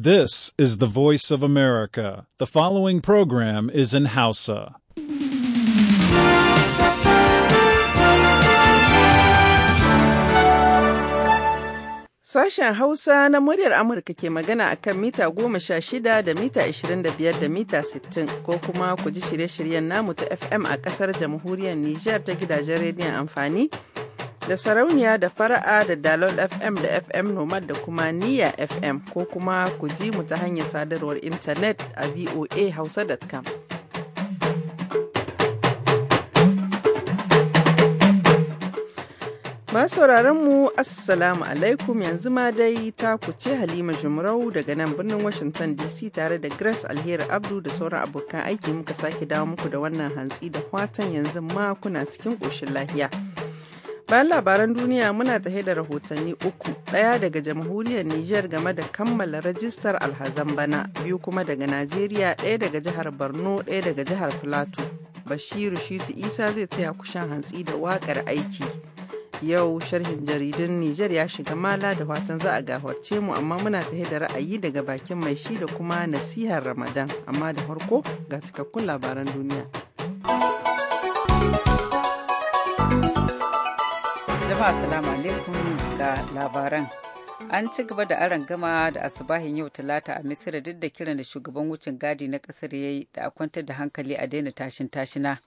This is the voice of America. The following program is in Hausa. Sashen Hausa na muryar Amurka ke magana a kan mita goma sha shida da mita ishirin da biyar da mita sittin ko kuma ku ji shirye-shiryen namu ta FM a ƙasar jamhuriyar Nijar ta gidajen rediyon amfani da sarauniya da fara'a da dalol fm da fm nomad da kuma niya fm ko kuma ku ji mu ta hanyar sadarwar intanet a voa hausa.com sauraron mu assalamu alaikum yanzu ma dai ta ce halima jumrau daga nan birnin washington dc tare da grace alheri abdu da sauran abokan aiki muka sake dawo muku da wannan hantsi da fatan yanzu ma kuna cikin ƙoshin lahiya Bayan labaran duniya muna tahe da rahotanni uku, ɗaya daga jamhuriyar Nijar game da kammala rajistar alhazan bana, biyu kuma daga Najeriya, ɗaya daga jihar Borno, ɗaya daga jihar Filato. Bashiru Shitu Isa zai taya kushan hantsi da waƙar aiki. Yau sharhin jaridun Nijar ya shiga mala da watan za a gahorce mu amma muna tahe da ra'ayi daga bakin mai shi da kuma nasihar Ramadan, amma da farko ga cikakkun labaran duniya. jama'a salamu alaikum ga labaran an ci gaba da aron gama da asubahin yau talata a misira duk da kiran da shugaban wucin gadi na kasar ya yi da a kwantar da hankali a daina tashin tashina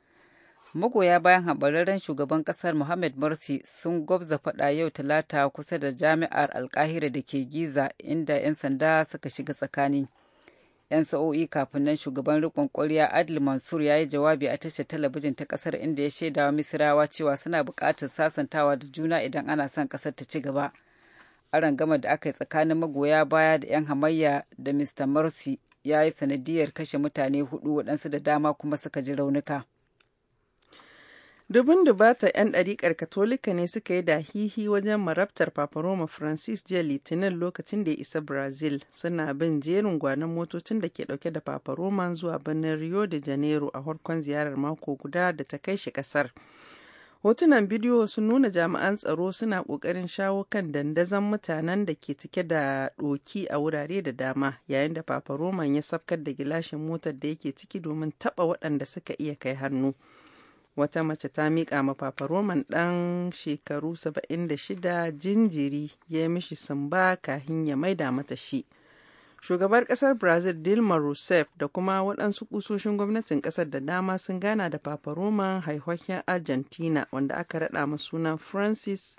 magoya bayan haɓararren shugaban kasar mohamed morsi sun gwabza faɗa yau talata kusa da jami'ar alkahira da ke giza inda 'yan sanda suka shiga tsakani 'yan sa'o'i kafin nan shugaban rikon kwariya, adil mansur ya yi jawabi a tashar talabijin ta ƙasar, inda ya shaida wa misirawa cewa suna buƙatar sasantawa da juna idan ana son ƙasar ta ci gaba aron gama da aka yi tsakanin magoya baya da 'yan hamayya da mr morsi ya yi sanadiyar kashe mutane hudu waɗansu da dama kuma suka ji raunuka Dubin dubata 'yan ɗariƙar Katolika ne suka yi dahihi wajen marabtar Roma Francis jiya Litinin lokacin da ya isa Brazil, suna bin jerin gwanon motocin da ke ɗauke da Roma zuwa birnin Rio de Janeiro a harkon ziyarar mako guda da ta kai shi ƙasar. Hotunan bidiyo sun nuna jami'an tsaro suna ƙoƙarin shawo kan dandazon mutanen da ke cike da ɗoki a wurare da dama, yayin da Roma ya safkar da gilashin motar da yake ciki domin taɓa waɗanda suka iya kai hannu. wata mace ta miƙa ma Roman ɗan shekaru 76 jinjiri ya yi mishi sumba kahin ya maida mata shi. Shugabar ƙasar Brazil Dilma Rousseff da kuma waɗansu ƙusoshin gwamnatin ƙasar da dama sun gana da Papa Roman haihuwar Argentina wanda aka raɗa ma sunan Francis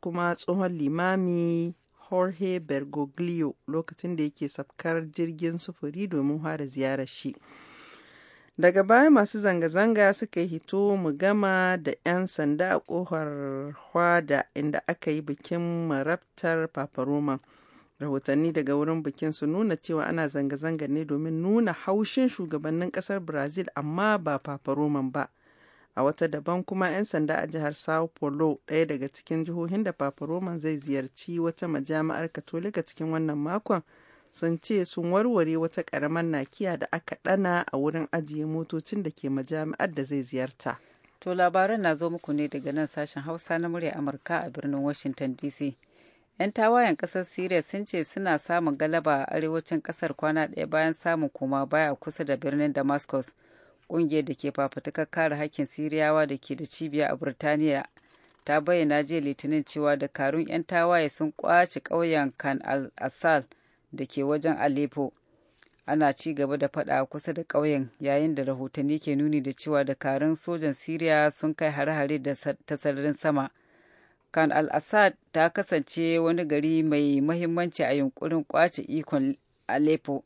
kuma tsohon limami Jorge Bergoglio lokacin da yake safkar jirgin sufuri domin fara ziyarar shi. daga baya masu zanga-zanga suka hito mu gama da 'yan sanda a kohar hwada inda aka yi bikin marabtar paparoma rahotanni daga wurin bikin su nuna cewa ana zanga-zanga ne domin nuna haushin shugabannin kasar brazil amma ba paparoman ba a wata daban kuma 'yan sanda a jihar sao paulo ɗaya daga cikin jihohin da paparoman zai ziyarci wata majami'ar katolika cikin wannan makon sun ce sun warware wata karamar nakiya da aka ɗana a wurin ajiye motocin da ke majami'ar da zai ziyarta. To labaran na zo muku ne daga nan sashen Hausa na murya Amurka a birnin Washington DC. 'Yan tawayen ƙasar Siriya sun ce suna samun galaba a arewacin ƙasar kwana ɗaya bayan samun koma baya kusa da birnin Damascus. Ƙungiyar da ke fafutukar kare hakkin Siriyawa da ke da cibiya a Burtaniya ta bayyana jiya Litinin cewa da karun' 'yan tawaye sun kwace ƙauyen Kan al-Assal da ke wajen Aleppo. Ana ci gaba da faɗa kusa da ƙauyen yayin da rahotanni ke nuni da cewa dakarun sojan Siriya sun kai hare-hare da ta sararin sama. Kan al-Assad ta kasance wani gari mai mahimmanci a yunkurin kwace ikon Aleppo.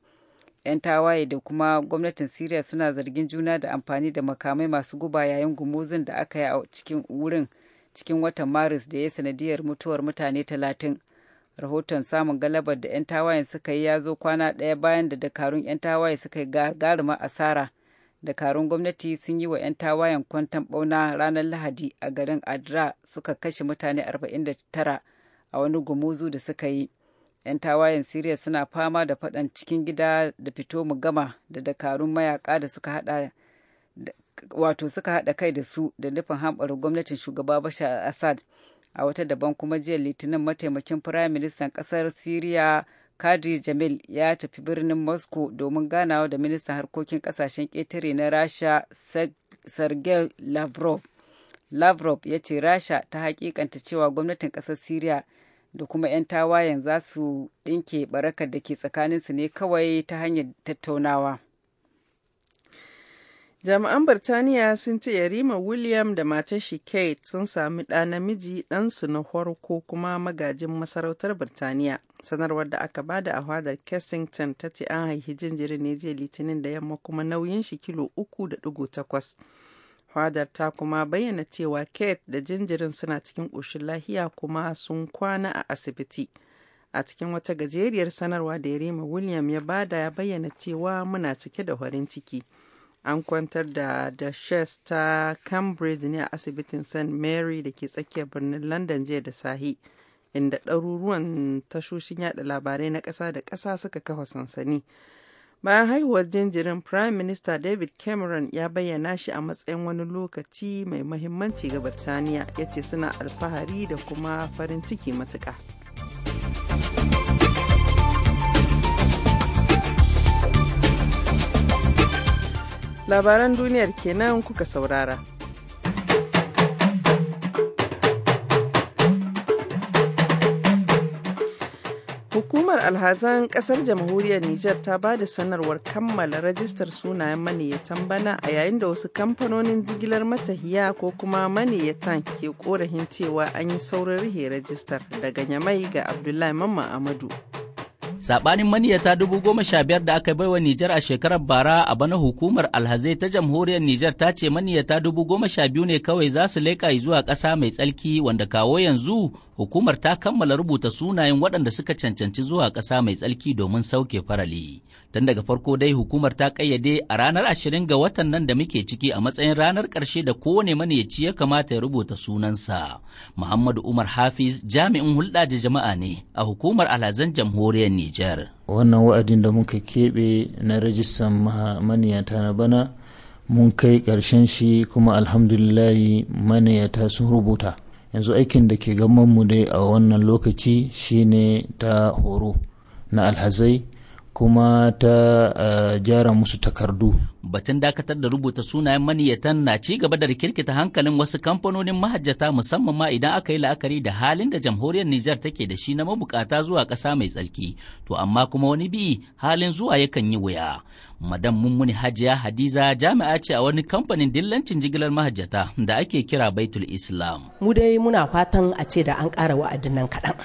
'Yan tawaye da kuma gwamnatin Siriya suna zargin juna da amfani da makamai masu guba yayin gumuzin da aka yi a cikin wurin cikin watan Maris da ya sanadiyar mutuwar mutane talatin. rahoton samun galabar da 'yan tawayen suka yi ya zo kwana ɗaya bayan da dakarun 'yan tawaye suka yi garuma asara dakarun gwamnati sun yi wa 'yan tawayen kwantan bauna ranar lahadi a garin adra suka kashe mutane 49 a wani gumuzu da suka yi 'yan tawayen siriya suna fama da faɗan cikin gida da fito mu gama da dakarun mayaka da suka hada wato suka haɗa kai da su da nufin hamɓar gwamnatin shugaba bashar assad a wata daban kuma jiya litinin mataimakin firayim ministan kasar syria kadri jamil ya tafi birnin moscow domin ganawa da ministan harkokin kasashen ƙetare na rasha sergei lavrov lavrov ya ce rasha ta hakikanta cewa gwamnatin kasar siriya da kuma 'yan tawayen za su ɗinke barakar da ke tsakaninsu ne kawai ta hanyar tattaunawa Jami'an Birtaniya sun ce Yarima William da matar shi Kate sun sami ɗa namiji ɗansu na farko kuma magajin masarautar Birtaniya. Sanarwar da aka bada a hadar Kensington ta ce an haihi jinjirin ne jiya Litinin da yamma kuma nauyin shi kilo uku da dugu takwas. Hadar ta kuma bayyana cewa Kate da jinjirin suna cikin ƙoshin lahiya kuma sun kwana a asibiti. A cikin wata gajeriyar sanarwa da Yarima William ya bada ya bayyana cewa muna cike da farin ciki. an kwantar da dashes ta cambridge ne a asibitin st mary da ke tsakiyar birnin london jiya da sahi inda ɗaruruwan tashoshin yada labarai na ƙasa da ƙasa suka kafa sansani bayan haihuwar jinjirin prime minister david cameron ya bayyana shi a matsayin wani lokaci mai mahimmanci ga birtaniya ya ce suna alfahari da kuma farin ciki matuƙa. labaran duniyar kenan kuka saurara. Hukumar alhazan kasar jamhuriyar Nijar ta ba da sanarwar kammala rajistar sunayen maniyyatan bana a yayin da wasu kamfanonin jigilar matahiya ko kuma maniyyatan ke korahin cewa an yi saurin rihe rajistar daga Nyamai ga Abdullahi Mamman Amadu. saɓanin maniyata dubu goma sha biyar da aka baiwa Nijar a shekarar bara a bana hukumar alhazai ta jamhuriyar Nijar ta ce maniyata dubu goma sha biyu ne kawai za su leƙa zuwa ƙasa mai tsalki wanda kawo yanzu hukumar ta kammala rubuta sunayen waɗanda suka cancanci zuwa ƙasa mai tsalki domin sauke farali. Tun daga farko dai hukumar ta kayyade a ranar ashirin ga watan nan da muke ciki a matsayin ranar karshe da kowane maniyaci ya kamata ya rubuta sunansa. Muhammadu Umar Hafiz jami'in hulɗa da jama'a ne a hukumar alhazan jamhuriyar Nijar. Wannan wa'adin da muka keɓe na rajistan maniyata na bana mun kai karshen shi kuma alhamdulillahi maniyata sun rubuta. Yanzu aikin da ke gamanmu dai a wannan lokaci shine ta horo na alhazai. kuma ta eh, gyara musu takardu. Batun dakatar da rubuta sunayen maniyyatan na ci gaba da rikirkita hankalin wasu kamfanonin mahajjata musamman ma idan aka yi la'akari da halin da jamhuriyar Nijar take da shi na mabukata zuwa ƙasa mai tsarki, to amma kuma wani bi halin zuwa yakan yi wuya. Madam Mummuni Hajiya Hadiza jami'a ce a wani kamfanin dillancin jigilar mahajjata da ake kira Baitul Islam. Mu dai muna fatan a ce da an ƙara wa'adin nan kaɗan.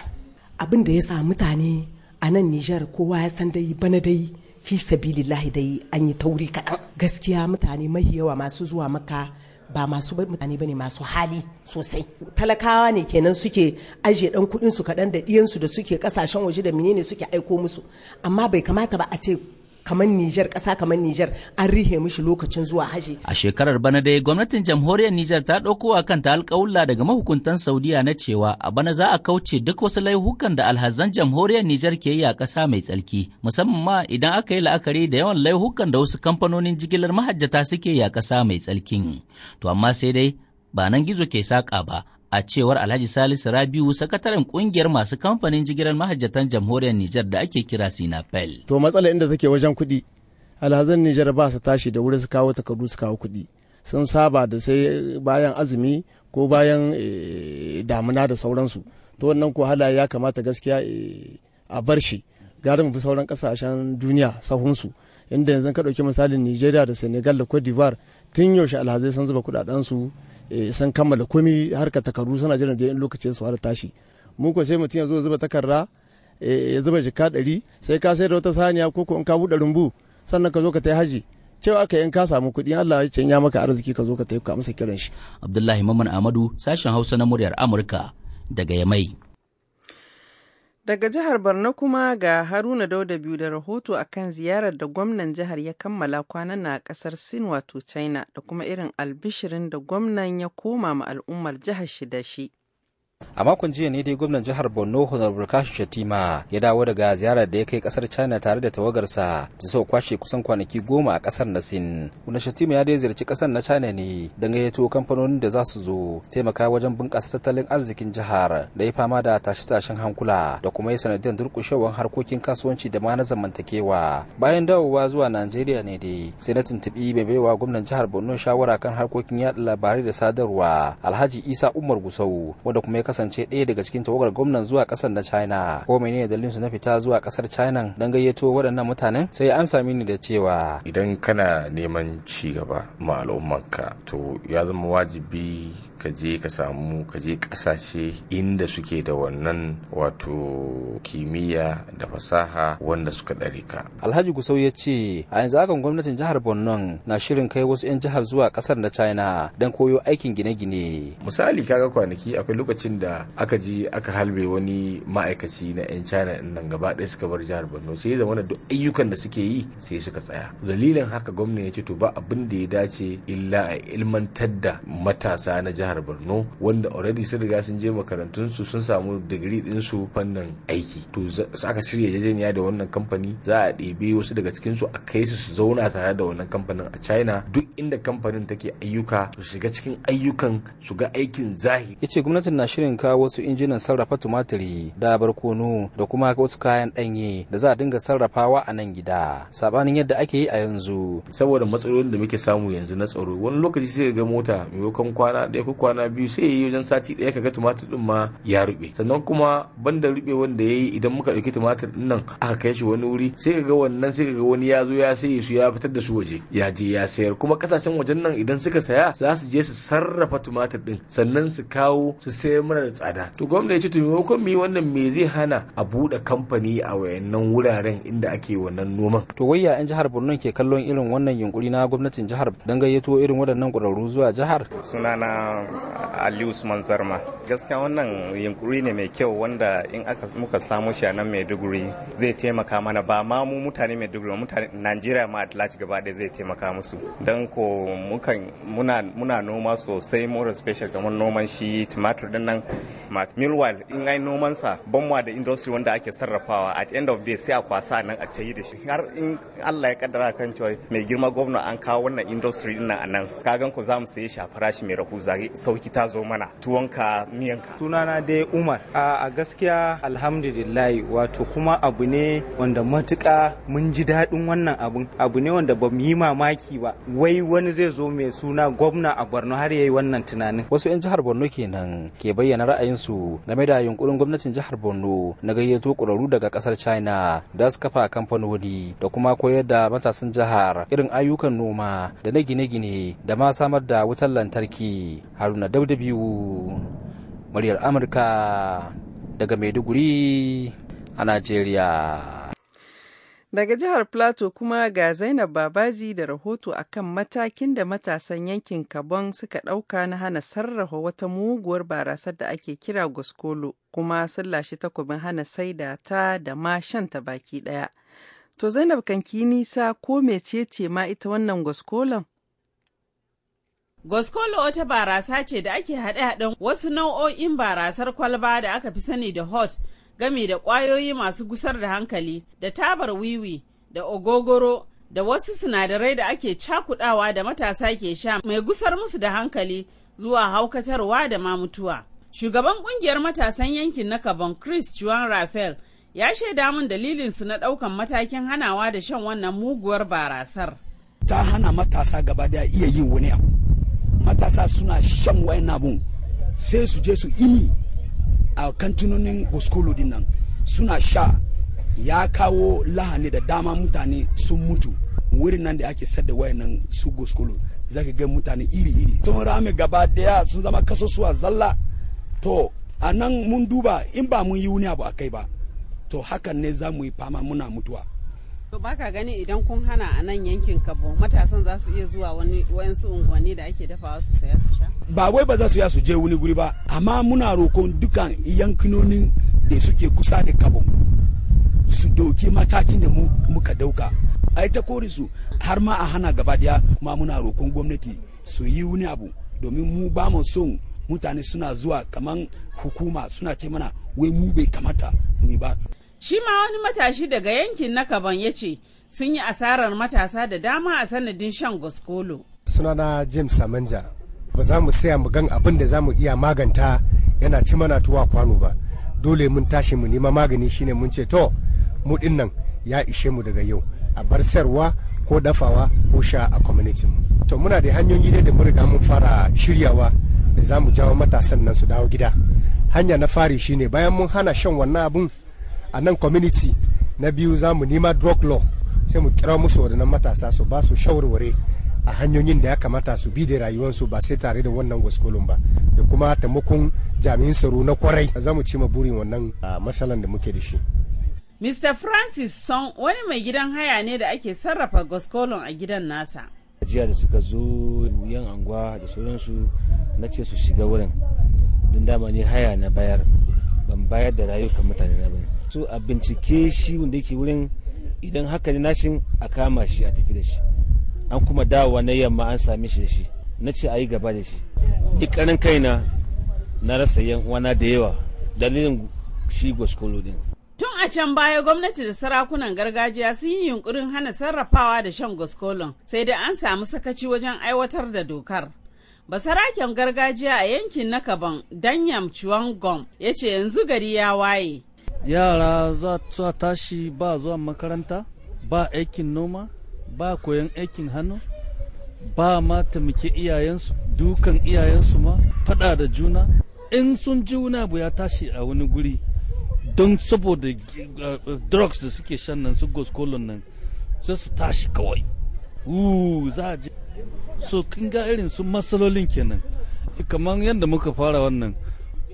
Abin da ya sa mutane a nan Nijar kowa ya san dai bana dai fi sabilillahi dai an yi tauri kaɗan gaskiya mutane mahi yawa masu zuwa maka ba masu mutane bane masu hali sosai talakawa ne kenan suke ajiye ɗan kuɗinsu kaɗan da ɗiyansu da suke ƙasashen waje da menene suke aiko musu amma bai kamata ba a ce kamar Nijar ƙasa kamar Nijar an rihe mishi lokacin zuwa haji. A shekarar bana dai gwamnatin jamhuriyar Nijar ta ɗauko a kanta alƙawulla daga mahukuntan Saudiya na cewa a bana za a kauce duk wasu laihukan da alhazan jamhuriyar Nijar ke yi a ƙasa mai tsarki musamman ma idan aka yi la'akari da yawan laihukan da wasu kamfanonin jigilar mahajjata suke yi a ƙasa mai tsarkin. To amma sai dai ba nan gizo ke saƙa ba a cewar Alhaji Salisu Rabiu sakataren kungiyar masu kamfanin jigilar mahajjatan jamhuriyar Nijar da ake kira Sinapel. To matsala inda take wajen kuɗi, alhazan Nijar ba su tashi da wuri su kawo takardu su kawo kuɗi. Sun saba da sai bayan azumi ko bayan eh, damuna da sauransu. To wannan ko hala ya kamata gaskiya eh, a bar shi. Garin fi sauran kasashen duniya sahunsu. Inda yanzu ka ɗauki misalin Nijeriya da Senegal da Cote d'Ivoire tun yaushe alhazai sun zuba kuɗaɗensu Eh, sun kammala komi harka takardu suna jiran in lokacin su har tashi mu ko sai mutum ya zo zuba takarda eh, ya zuba jika ɗari sai ka sai da wata saniya ko ko in ka buɗe rumbu sannan ka zo ka tai haji cewa aka in ka samu kuɗi Allah ya ya maka arziki ka zo ka ka masa kiran shi Abdullahi Mamman ahmadu sashen Hausa na muryar Amurka daga Yamai Daga jihar Borno kuma ga Haruna Dauda biyu da rahoto a kan ziyarar da gwamnan jihar ya kammala kwanan na kasar Sin wato China da kuma irin albishirin da gwamnan ya koma ma al'ummar jihar shi da shi. a makon jiya ne dai gwamnan jihar borno honorable kashi shatima ya dawo daga ziyarar da ya kai kasar china tare da tawagarsa da sau kwashe kusan kwanaki goma a kasar na sin wanda shatima ya dai ziyarci kasar na china ne don gayyato kamfanonin da za su zo taimaka wajen bunƙasa tattalin arzikin jihar da ya fama da tashe-tashen hankula da kuma ya sanadiyar durƙushewar harkokin kasuwanci da ma na zamantakewa bayan dawowa zuwa najeriya ne dai sai na tuntuɓi mai baiwa gwamnan jihar borno shawara kan harkokin yaɗa labarai da sadarwa alhaji isa umar gusau wanda kuma ya kasance ɗaya daga cikin tawagar gwamnan zuwa ƙasar na China. Ko ne dalilin su na fita zuwa ƙasar China don gayyato waɗannan mutanen? Sai an sami ni da cewa idan kana neman ci gaba ma al'ummarka to ya zama wajibi ka je ka samu ka je ƙasashe inda suke da wannan wato kimiyya da fasaha wanda suka ɗare ka. Alhaji Gusau ya ce a yanzu hakan gwamnatin jihar Borno na shirin kai wasu 'yan jihar zuwa ƙasar na China don koyo aikin gine-gine. Misali kaga kwanaki akwai lokacin lokacin da aka ji aka halbe wani ma'aikaci na 'yan china nan gaba ɗaya suka bar jihar borno sai zama da duk ayyukan da suke yi sai suka tsaya dalilin haka gwamna ya ce to ba abin da ya dace illa a ilmantar da matasa na jihar borno wanda already sun riga sun je makarantun su sun samu digiri ɗin su fannin aiki to aka shirya jajjaniya da wannan kamfani za a ɗebe wasu daga cikin su a kai su su zauna tare da wannan kamfanin a china duk inda kamfanin take ayyuka su shiga cikin ayyukan su ga aikin zahiri yace gwamnatin na shirya shirin kawo wasu injinan sarrafa tumatiri da barkono da kuma wasu kayan ɗanye da za a dinga sarrafawa a nan gida sabanin yadda ake yi a yanzu saboda matsalolin da muke samu yanzu na tsaro wani lokaci sai ga mota mai maimakon kwana ɗaya ko kwana biyu sai ya yi wajen sati ɗaya kaga tumatir ɗin ma ya ruɓe sannan kuma banda ruɓe wanda ya yi idan muka ɗauki tumatir ɗin nan aka kai shi wani wuri sai kaga wannan sai kaga wani ya zo ya sai su ya fitar da su waje ya je ya sayar kuma kasashen wajen nan idan suka saya za su je su sarrafa tumatir ɗin sannan su kawo su sayar mana da tsada to gwamnati ce to maimakon wannan me zai hana a buɗe kamfani a wayannan wuraren inda ake wannan noman to wayya yan jihar Borno ke kallon irin wannan yunkuri na gwamnatin jihar dan gayyato irin waɗannan ƙwararru zuwa jihar sunana Ali Usman Zarma gaskiya wannan yunkuri ne mai kyau wanda in aka muka samu shi a nan Maiduguri zai taimaka mana ba ma mu mutane Maiduguri mutane Najeriya ma at large gaba ɗaya zai taimaka musu dan ko muna noma sosai more special kamar noman shi tumatur din nan mat meanwhile in ai noman sa ban da industry wanda ake sarrafawa at end of day sai a kwasa nan a tayi da shi har in Allah ya kaddara kan cewa mai girma gwamna an kawo wannan industry din nan a nan kagan ku za mu shi a farashi mai rahuza sauki ta zo mana tuwonka miyanka sunana dai Umar a gaskiya alhamdulillah wato kuma abu ne wanda matuka mun ji daɗin wannan abun abu ne wanda ba mu yi mamaki ba wai wani zai zo mai suna gwamna a Borno har yayi wannan tunanin wasu 'yan jihar Borno kenan ke bayyana bayyana ra'ayinsu game da yunkurin gwamnatin jihar borno na gayyato ƙwararru daga ƙasar china da su kafa kamfanoni da kuma koyar da matasan jihar irin ayyukan noma da na gine-gine da ma samar da wutar lantarki haruna biyu muryar amurka daga maiduguri a najeriya Daga jihar Plateau kuma ga Zainab Babaji da rahoto akan matakin da matasan yankin Kabon suka ɗauka na hana sarrafa wata muguwar barasar da ake kira goskolo kuma sun lashe takobin hana saida ta da ma shanta baki ɗaya. To Zainab kanki nisa ko mecece ma ita wannan gwaskolon? Goskolo wata barasa ce da ake haɗe-haɗen wasu nau'o'in barasar kwalba da aka fi sani da hot gami da kwayoyi masu gusar da hankali da tabar wiwi da ogogoro da wasu sinadarai da ake cakudawa da matasa ke sha mai gusar musu da hankali zuwa haukatarwa da ma mutuwa. Shugaban kungiyar matasan yankin na Kabon Chris Juan Rafael ya shaida mun dalilin su na ɗaukan matakin hanawa da shan wannan muguwar barasar. Ta hana matasa gaba da iya yin wani abu. Matasa suna shan wayan abun sai su je su imi a kantunonin goskolo din nan suna sha ya kawo lahani da dama mutane sun mutu wurin nan da ake sadda wayannan su goskolo zaka ga mutane iri-iri sun rame gaba daya sun zama suwa zalla to a nan mun duba in ba mun yi wuni abu a kai ba to hakan ne za mu yi fama muna mutuwa To baka gani idan kun hana a nan yankin Kabo matasan za su iya zuwa wani wayansu unguwanni da ake dafawa su saya su sha? Ba wai ba za su ya su je wuni guri ba, amma muna rokon dukan yankinonin da suke kusa da Kabo su doki matakin da muka dauka. Ai ta kori su har ma a hana gaba daya kuma muna rokon gwamnati su yi wani abu domin mu ba mu son mutane suna zuwa kaman hukuma suna ce mana wai mu bai kamata mu ba. Shi ma wani matashi daga yankin na Kaban ya ce sun yi asarar matasa da dama a sanadin shan goskolo. Sunana James Samanja ba za mu saya mu gan abin da za mu iya maganta yana ci mana tuwa kwano ba. Dole mun tashi mu nema magani shine mun ce to mu nan ya ishe mu daga yau a bar sarwa ko dafawa ko sha a community mu. To muna da hanyoyi da mun riga mun fara shiryawa da za mu jawo matasan nan su dawo gida. Hanya na fari shine bayan mun hana shan wannan abun a nan community na biyu za mu nima drug law sai mu kira musu waɗannan matasa su ba su shawarware a hanyoyin da ya kamata su bi da rayuwarsu ba sai tare da wannan gwaskolon ba da kuma taimakon jami'in tsaro na kwarai za mu ci ma burin wannan matsalan da muke da shi. Mr. Francis Son wani mai gidan haya ne da ake sarrafa gwaskolon a gidan nasa. jiya da suka zo yan anguwa da sauransu na ce su shiga wurin don dama ne haya na bayar ban bayar da rayukan mutane na bane su a bincike shi wanda yake wurin idan haka ne nashin a kama shi a tafi da shi an kuma dawowa na yamma an same shi da shi na ce a yi gaba da shi karin kaina na rasa yan uwana da yawa dalilin shi gwaskolo din tun a can baya gwamnati da sarakunan gargajiya sun yi yunkurin hana sarrafawa da shan gwaskolon sai dai an samu sakaci wajen aiwatar da dokar basaraken gargajiya a yankin na kaban danyam chuangom ya ce yanzu gari ya waye yara za tashi ba zuwa makaranta ba aikin noma ba koyon aikin hannu ba ma taimake iyayensu dukan iyayensu ma fada da juna in sun ji wuna bu ya tashi a wani guri don saboda eh, drugs da suke shan nan su goskolon nan sai su tashi kawai za a so kin ga irin su matsalolin kenan kamar yadda muka fara wannan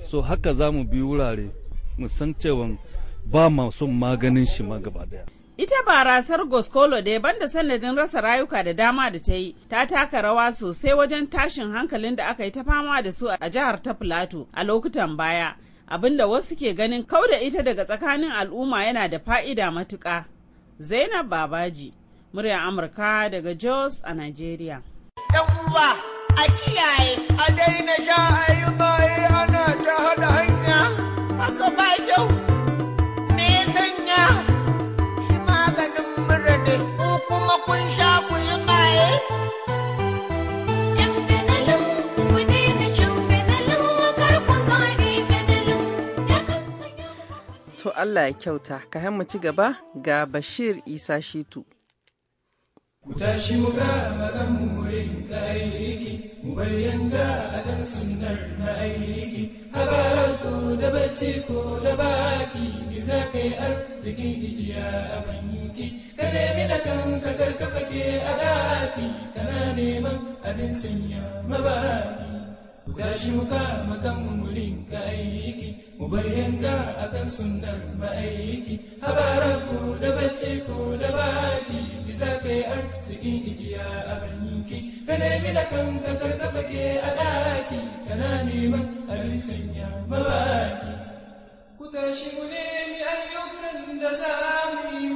so haka za mu bi wurare mu san cewa ba ma maganin shi ma gaba daya ita barasar goskolo da banda sanadin rasa rayuka da dama da ta yi ta taka rawa sosai wajen tashin hankalin da aka yi ta fama da su a jihar ta plateau a lokutan baya abinda wasu ke ganin kauda ita daga tsakanin al'umma yana da fa'ida matuka zainab babaji Murya Amurka daga Jos a Najeriya. Yan uwa a kiyaye a daina sha a yi bayi ana ta hada hanya haka ba kyau. Me sanya shi maganin mura ko kuma kun sha ku yi baye? To Allah ya kyauta, ka mu ci gaba ga Bashir Isa Shitu. mu tashi mu kama kanmu murin da aiki mu bar yanga a kan sunnar na aiki haba ko da bacci ko da baki ki za ka yi arzikin ijiya a banki ka nemi da kanka karkafa ke a ɗaki kana neman abin sanya mabaki ku tashi muka makan mulin ga aiki mu bar yanka akan sundan ma'aiki habara ku da bacci ku da baki bisa kai arzikin ijiya a banki ka nemi da kanka karkafa ke a daki kana neman arzikin ya mabaki ku tashi mu nemi ayyukan da za mu yi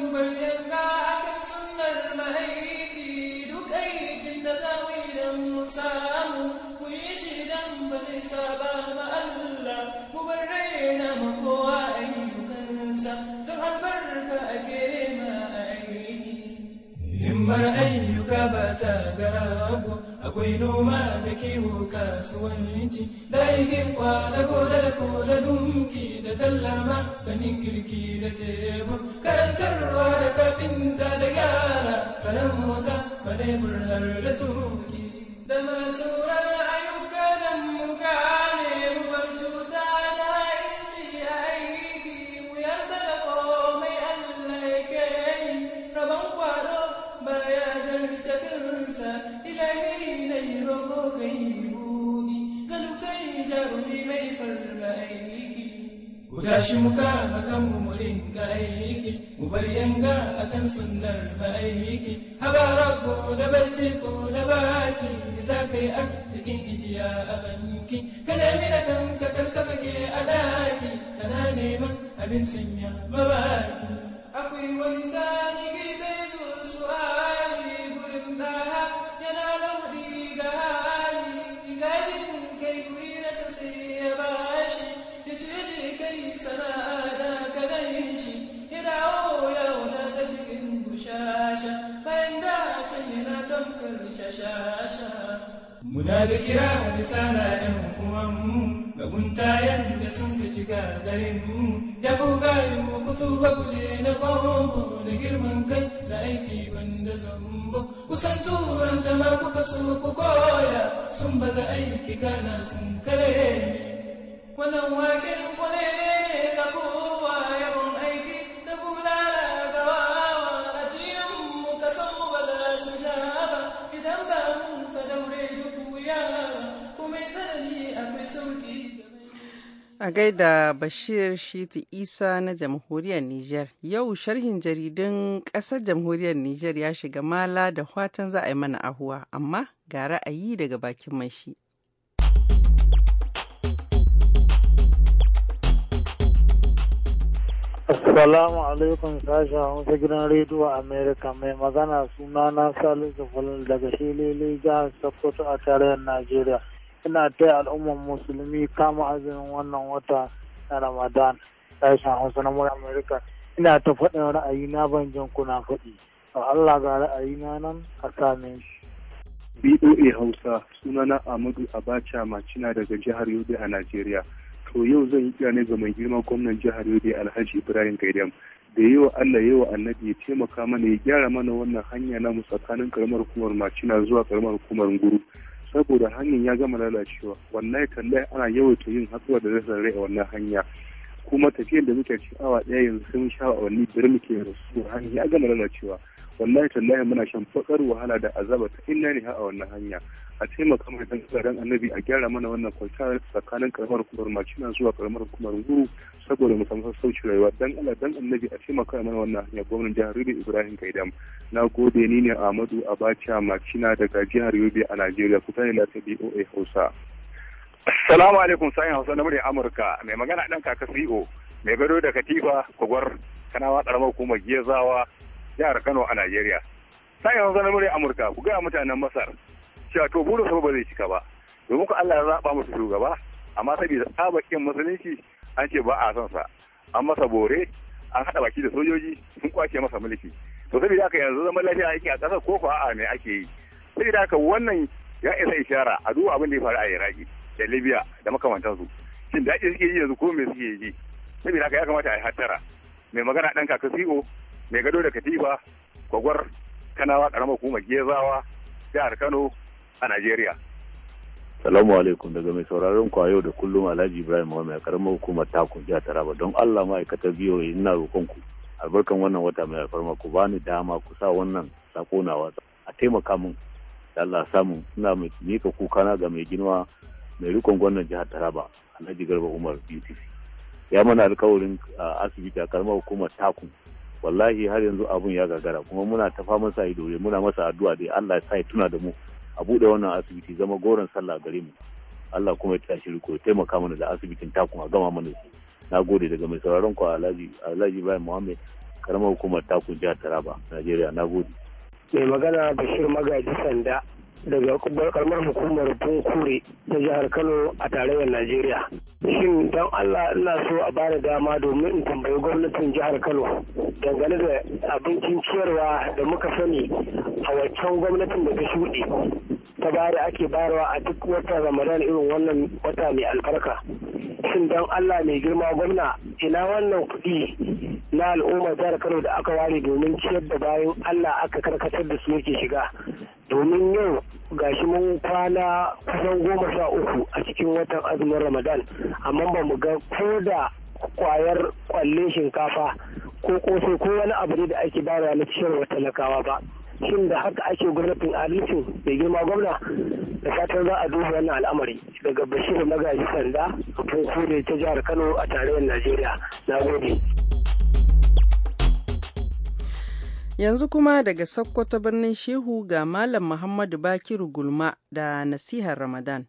himmar ayyuka ba ta garago akwai noma da kiwo kasuwanci laifin kwadago da kola dunki da tallar maganin kirki da tebo karantarwa da kafinta da yara karen mota ba da murnar da tuki da masu tashi mu kama kanmu mu ringa aiki mu bar yanga akan sunnar ma'aiki haba rago da barci ko da baki za ka yi arzikin ijiya a banki ka nemi da kanka karkafa ke a daki kana neman abin sanya muna da kira da tsara yan uwanmu ga guntayen da sun fi cika garin mu ya bugari mu kutu bagule na ƙwaho da girman kai da aiki banda zambo kusan turan da ma kuka so ku koya sun baza aiki kana sun kare wannan waken A gaida Bashir Shiti Isa na jamhuriyar Nijar, yau sharhin jaridun ƙasar jamhuriyar Nijar ya shiga mala da fatan za a yi mana ahuwa, amma ga ra'ayi daga bakin mai shi. Assalamu alaikum sashen Hausa gidan rediyo Amerika mai magana suna na Salisu Fulun daga Shilele jihar Sokoto a tarayyar Najeriya. ina taya al'ummar musulmi kama azumin wannan wata na ramadan sashen hausa na mura amerika ina ta faɗin ra'ayi na ban jan kuna faɗi to allah ga ra'ayi na nan a same shi BOA Hausa sunana Amadu Abacha Macina daga jihar Yobe a nigeria To yau zan yi kira ga mai girma gwamnan jihar Yobe Alhaji Ibrahim Gaidam da yawa Allah yawa annabi ya taimaka mana ya gyara mana wannan hanya na mu tsakanin karamar hukumar Macina zuwa karamar hukumar Nguru. saboda hanyar ya gama lalacewa wallahi tallahi ana yawaita yin hatsuwa da rasa rai a wannan hanya kuma tafiyar da muke ci awa ɗaya yanzu sun sha awanni biyar muke rasu hanyar ya gama lalacewa wallahi tallahi muna shan fakar wahala da azaba ta inna ne a wannan hanya a taimaka mai dan tsaron annabi a gyara mana wannan kwalta tsakanin karamar hukumar macina zuwa karamar hukumar guru saboda mu samu sassauci rayuwa dan Allah dan annabi a taimaka mana wannan hanya gwamnan jihar Yobe Ibrahim Kaidam na gode ni ne Ahmadu Abacha Macina daga jihar Yobe a Najeriya kuta tare lafiya BOA Hausa Assalamu alaikum sayin Hausa na muryar Amurka mai magana ɗan kaka CEO mai gado da Katifa Kogwar Kanawa karamar hukumar Gezawa jihar Kano a Najeriya. Sayin Hausa na muryar Amurka ku gaya mutanen Masar cewa to burin ba zai cika ba domin ku Allah ya zaba musu shugaba amma saboda tsabakin musulunci an ce ba a son sa an masa bore an haɗa baki da sojoji sun kwace masa mulki to saboda haka yanzu zaman lafiya aiki a ƙasar ko a'a ne ake yi saboda haka wannan ya isa ishara a duba abin da ya faru a Iraki da libya da makamantansu shin da ake suke yi yanzu ko me suke yi saboda haka ya kamata a yi hattara mai magana dan kaka sigo mai gado da katiba kwagwar kanawa karamar kuma gezawa jihar kano a nigeria. salamu alaikum daga mai sauraron ku yau da kullum alhaji ibrahim muhammad karamar hukumar takun jihar taraba don allah ma'aikatar biyoyi ina roƙon ku albarkan wannan wata mai alfarma ku bani dama ku sa wannan sako na wasa a taimaka mun da allah samu ina mai mika kuka na ga mai ginuwa mai rikon gwamnan jihar taraba alhaji garba umar btc ya mana alkawarin asibiti a karamar hukumar takun wallahi har yanzu abun ya gagara kuma muna ta fama sa ido muna masa addu'a da allah ya sa tuna da mu a buɗe wannan asibiti zama goron sallah gare mu allah kuma ya tashi riko ya taimaka mana da asibitin takun a gama mana su na gode daga mai sauraron ku alhaji alhaji muhammed karamar hukumar takun jihar taraba najeriya na gode mai magana bashir magaji sanda daga kalmar hukumar kunkure ta jihar Kano a tarayyar Najeriya. Shin don Allah ina so a da dama domin in tambayi gwamnatin jihar Kano dangane da abincin ciyarwa da muka sani a waccan gwamnatin da ta shuɗe ta bari ake bayarwa a duk wata Ramadan irin wannan wata mai albarka. Shin don Allah mai girma gwamna ina wannan kuɗi na al'ummar jihar Kano da aka ware domin ciyar da bayan Allah aka karkatar da su yake shiga domin yau gashi mun kwana kusan goma sha uku a cikin watan azumin ramadan amma ba mu ga ko da kwayar kwallon shinkafa ko kosai ko wani abu ne da ake bayarwa na wata talakawa ba shin da haka ake gwamnatin adalci da girma gwamna da fatan za a duba wannan al'amari daga bashir magaji sanda a kure ta jihar kano a tarayyar najeriya na gode Yanzu kuma daga Sokoto birnin Shehu ga Malam Muhammadu Bakiru Gulma da nasihar Ramadan.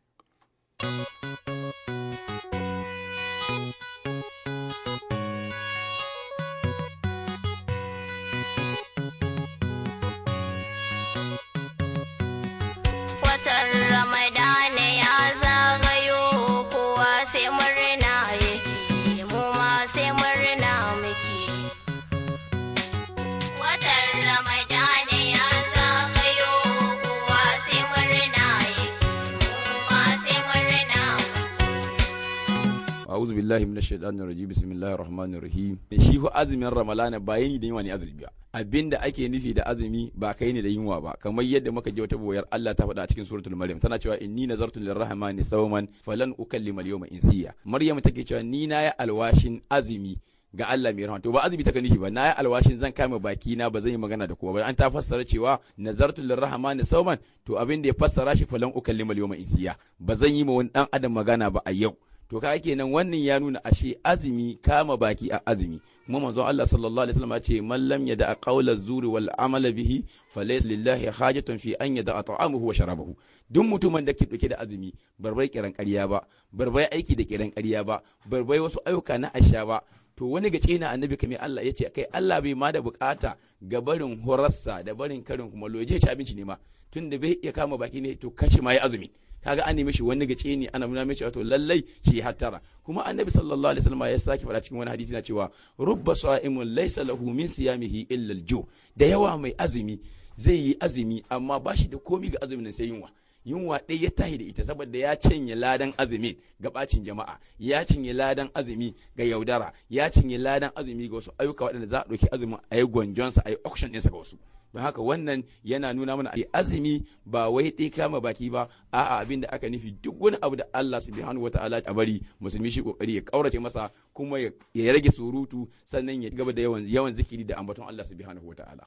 a'udhu billahi minash shaitanir rajim bismillahir rahmanir rahim shi fa azumin ramalana ba yini da yunwa ne azumi ba abinda ake nufi da azumi ba kai ne da yunwa ba kamar yadda muka ji wata boyar Allah ta faɗa a cikin suratul maryam tana cewa inni nazartu rahmani sawman falan ukallima al-yawma insiya maryam take cewa ni na ya alwashin azumi ga Allah mai rahama to ba azumi take nufi ba na yi alwashin zan kame baki na ba zan yi magana da kowa ba an ta fassara cewa nazartu rahmani sawman to abin da ya fassara shi falan al yawma insiya ba zan yi ma wani dan adam magana ba a yau to ka nan wannan ya nuna ashe azumi kama baki a azumi kuma manzo Allah sallallahu alaihi wasallam ce man lam yada qaula zuri wal amala bihi falaysa lillahi hajatun fi an yada ta'amuhu wa sharabahu duk mutumin da ke dauke da azumi barbai kiran ƙarya ba barbai aiki da kiran ƙarya ba barbai wasu ayyuka na asha ba to wani gace na annabi kamar Allah ya ce kai Allah bai ma da bukata ga barin horarsa da barin karin kuma loje ci abinci ne ma tunda bai iya kama baki ne to kashi ma azumi kaga an nemi shi wani gace ne ana nuna cewa wato lallai shi hattara kuma annabi sallallahu alaihi wasallam ya saki fara cikin wani hadisi na cewa rubba sa'imun laysa lahu min siyamihi illa al da yawa mai azumi zai yi azumi amma ba shi da komi ga azumin sai yunwa yunwa ɗaya ya tahi da ita saboda ya cinye ladan azumi ga bacin jama'a ya cinye ladan azumi ga yaudara ya cinye ladan azumi ga wasu ayyuka waɗanda za a ɗauki azumin a yi gwanjonsa a yi auction ɗinsa ga wasu don haka wannan yana nuna mana azumi ba wai ɗai kama baki ba a'a abin da aka nufi duk wani abu da Allah subhanahu ta'ala a bari musulmi shi kokari ya kaurace masa kuma ya rage surutu sannan ya gaba da yawan yawan zikiri da ambaton Allah subhanahu ta'ala.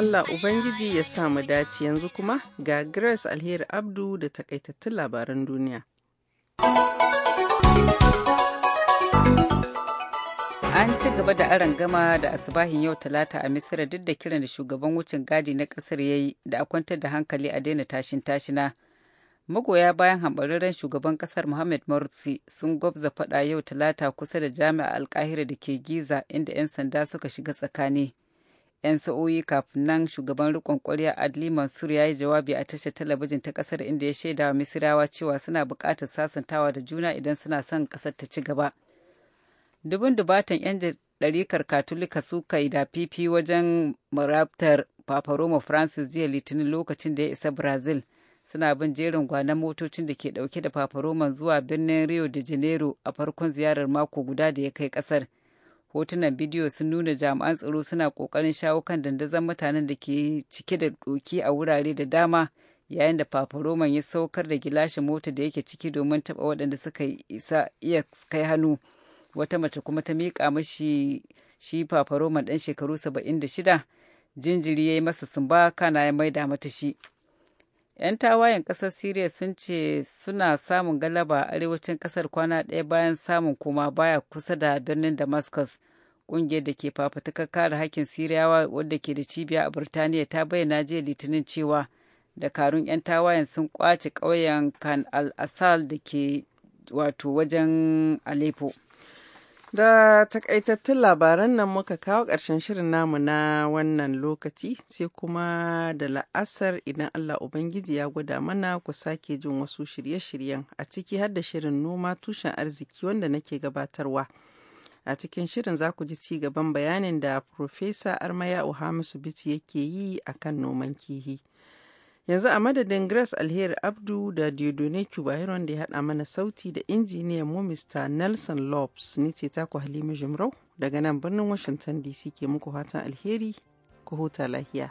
Allah Ubangiji ya sa mu dace yanzu kuma ga Grace Alheri Abdu da takaitattun labaran duniya. An ci gaba da gama da asibahin yau talata a Misira duk da kiran da shugaban wucin gadi na kasar ya yi da a kwantar da hankali a daina tashin tashina. Magoya bayan hambararren shugaban kasar Mohamed Morsi sun gwabza fada yau talata kusa da jami'a alkahira da ke Giza inda 'yan sanda suka shiga tsakani. 'yan sa'o'i kafin nan shugaban rikon kwarya adli mansur ya yi jawabi a tashar talabijin ta kasar inda ya shaida wa misirawa cewa suna buƙatar sasantawa da juna idan suna son ƙasar ta ci gaba dubin dubatan 'yan ɗarikar katolika suka kai da fifi wajen marabtar papa roma francis jiya litinin lokacin da ya isa brazil suna bin jerin gwanon motocin da ke ɗauke da papa roma zuwa birnin rio de janeiro a farkon ziyarar mako guda da ya kai ƙasar. hotunan bidiyo sun nuna jami'an tsaro suna kokarin shawo kan dandazon mutanen da ke cike da doki a wurare da dama yayin da fafaroman ya saukar da gilashin mota da yake ciki domin taba waɗanda suka isa iya kai hannu wata mace kuma ta miƙa mashi shi fafaroman ɗan shekaru saba'in da 76 jinjiri ya yi masa sumba kana ya maida mata shi 'Yan tawayen ƙasar Siriya sun ce suna samun galaba a arewacin ƙasar kwana ɗaya bayan samun koma baya kusa da birnin Damascus. Ƙungiyar da ke fafutukar kare hakkin Siriyawa wadda ke da cibiya a Birtaniya ta bayyana jiya Litinin cewa dakarun 'yan tawayen sun kwace ƙauyen Kan al-Assal da ke wato wajen Aleppo. Da takaitattun labaran nan muka kawo ƙarshen shirin namu na wannan lokaci sai kuma da la'asar idan Allah Ubangiji ya gwada mana ku sake jin wasu shirye-shiryen a ciki har da shirin noma tushen arziki wanda nake gabatarwa. A cikin shirin za ku ji ci gaban bayanin da Profesa Armaya Uhamisu Bici yake yi a kan noman kihi. yanzu a madadin grace alheri abdu da diodone cubahiron da ya haɗa mana sauti da injiniyan mu mr nelson lopes ni ce taku halima jimrau daga nan birnin washington dc ke muku hatan alheri ku huta lahiya.